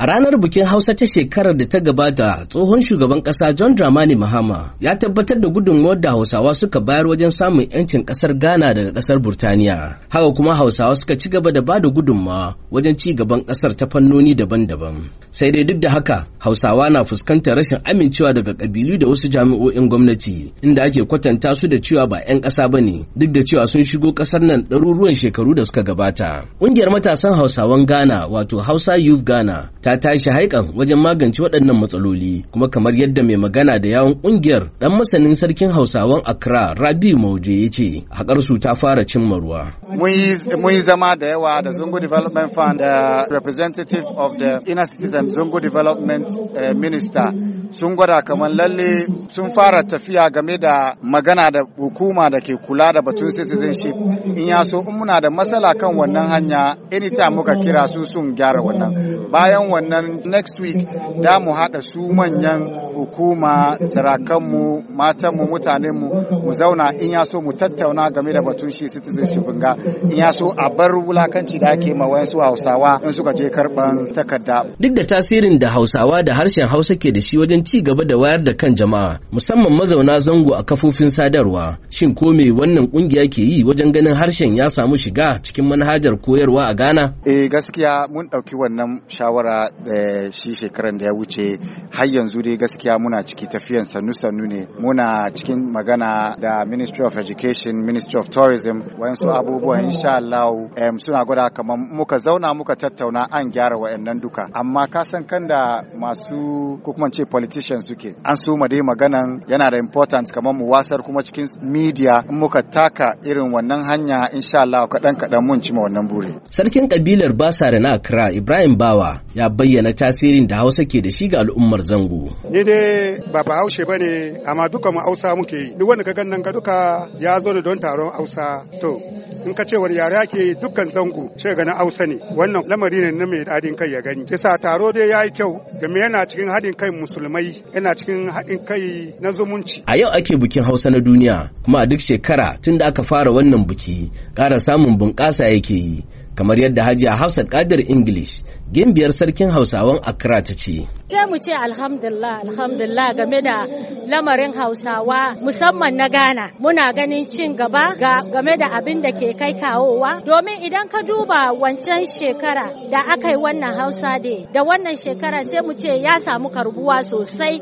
A ranar bikin Hausa ta shekarar da ta gabata, tsohon shugaban ƙasa John Dramani Mahama ya tabbatar da gudunmuwar da Hausawa suka bayar wajen samun 'yancin ƙasar Ghana daga ƙasar Burtaniya. Haka kuma Hausawa suka ci gaba da ba da gudunmawa wajen ci gaban ƙasar ta fannoni daban-daban. sai dai duk da haka hausawa na fuskantar rashin amincewa daga kabilu da wasu jami'o'in gwamnati inda ake kwatanta su da cewa ba 'yan ƙasa ba ne duk da cewa sun shigo ƙasar nan ɗaruruwan shekaru da suka gabata ƙungiyar matasan hausawan ghana wato hausa youth ghana ta tashi haikan wajen magance waɗannan matsaloli kuma kamar yadda mai magana da yawon ƙungiyar ɗan masanin sarkin hausawan accra rabi mauje ya ce haƙarsu ta fara cimma ruwa mun yi zama da yawa da zungu development fund da representative of the inner citizen and Development eh, Minister sun gwada kamar lalle sun fara tafiya game da magana da hukuma da ke kula da batun citizenship in ya so in muna da matsala kan wannan hanya anytime muka kira su sun gyara wannan bayan wannan next week da mu haɗa su manyan hukuma sarakanmu matanmu mutanenmu mu zauna in ya so mu tattauna game da batun shi citizenship ga in ya so a bar wulakanci da ake ma wayansu hausawa in suka je karban takarda duk da tasirin da hausawa da harshen hausa ke da shi wajen wajen ci gaba da wayar da kan jama'a musamman mazauna zango a kafofin sadarwa shin ko me wannan kungiya ke yi wajen ganin harshen ya samu shiga cikin manhajar koyarwa a Ghana eh gaskiya mun ɗauki wannan shawara da eh, shi shekaran da ya wuce har yanzu dai gaskiya muna ciki tafiyan sannu sannu ne muna cikin magana da Ministry of Education Ministry of Tourism wayansu abubuwan insha Allah suna gwada kamar muka zauna muka tattauna an gyara wayannan duka amma ka san kan da masu ko kuma ce politicians suke an su ma dai maganan yana da important kamar mu wasar kuma cikin media in muka taka irin wannan hanya insha Allah kaɗan kaɗan mun cima wannan buri. Sarkin kabilar basa da na Accra Ibrahim Bawa ya bayyana tasirin da Hausa ke da shi ga al'ummar Zango. Ni dai ba Bahaushe bane amma duka mu Hausa muke yi. Duk wanda ka gan ka duka ya zo da don taron Hausa. To in ka ce wani yare ake dukkan zango shi ga na Hausa ne. Wannan lamari ne na mai daɗin kai ya gani. Kisa taro dai ya yi kyau game yana cikin haɗin kai musulmai malamai yana cikin haɗin kai na zumunci. A yau ake bikin Hausa na duniya kuma a duk shekara tun da aka fara wannan biki ƙara samun bunƙasa yake yi kamar yadda Hajiya Hausa ƙadar English gimbiyar sarkin Hausawan Accra ta ce. Sai mu ce alhamdulillah alhamdulillah game da lamarin Hausawa musamman na Ghana muna ganin cin gaba ga game da abin da ke kai kawowa domin idan ka duba wancan shekara da aka yi wannan Hausa da da wannan shekara sai mu ce ya samu karbuwa sosai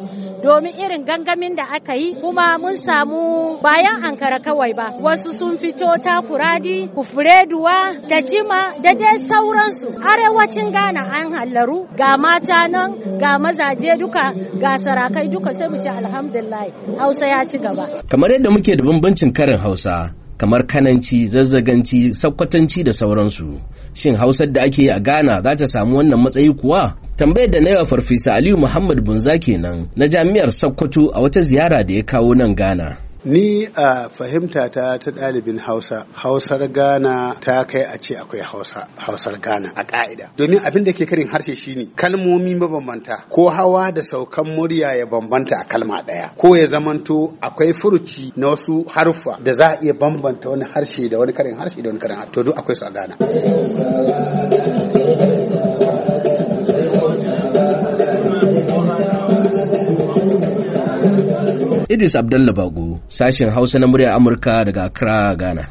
domin irin gangamin da aka yi kuma mun samu bayan ankara kawai ba wasu sun fito takuradi kufureduwa da cima da dai sauransu arewacin ghana an hallaru ga mata nan ga mazaje duka ga sarakai duka sai mu ce alhamdulillah hausa ya ci gaba kamar yadda muke da bambancin karin hausa kamar kananci zazzaganci sakkwatanci da sauransu shin hausar da ake yi a ghana za ta samu wannan matsayi kuwa tambayar da na yawa farfisa aliyu muhammad bunza kenan na jami'ar sakkwato a wata ziyara da ya kawo nan ghana Ni a fahimta ta ta ɗalibin Hausa, Hausar Ghana ta kai a ce akwai Hausa, Hausar Ghana a ƙa'ida. Domin abin da ke karin harshe shine kalmomi mabambanta ko hawa da saukan murya ya bambanta a kalma ɗaya ko ya zamanto akwai furuci na wasu haruffa da za a iya bambanta wani harshe da wani karin harshe da wani karin harshe to duk akwai su a Ghana. Idris abdullabago Bago, sashen Hausa na murya Amurka daga Accra, Ghana.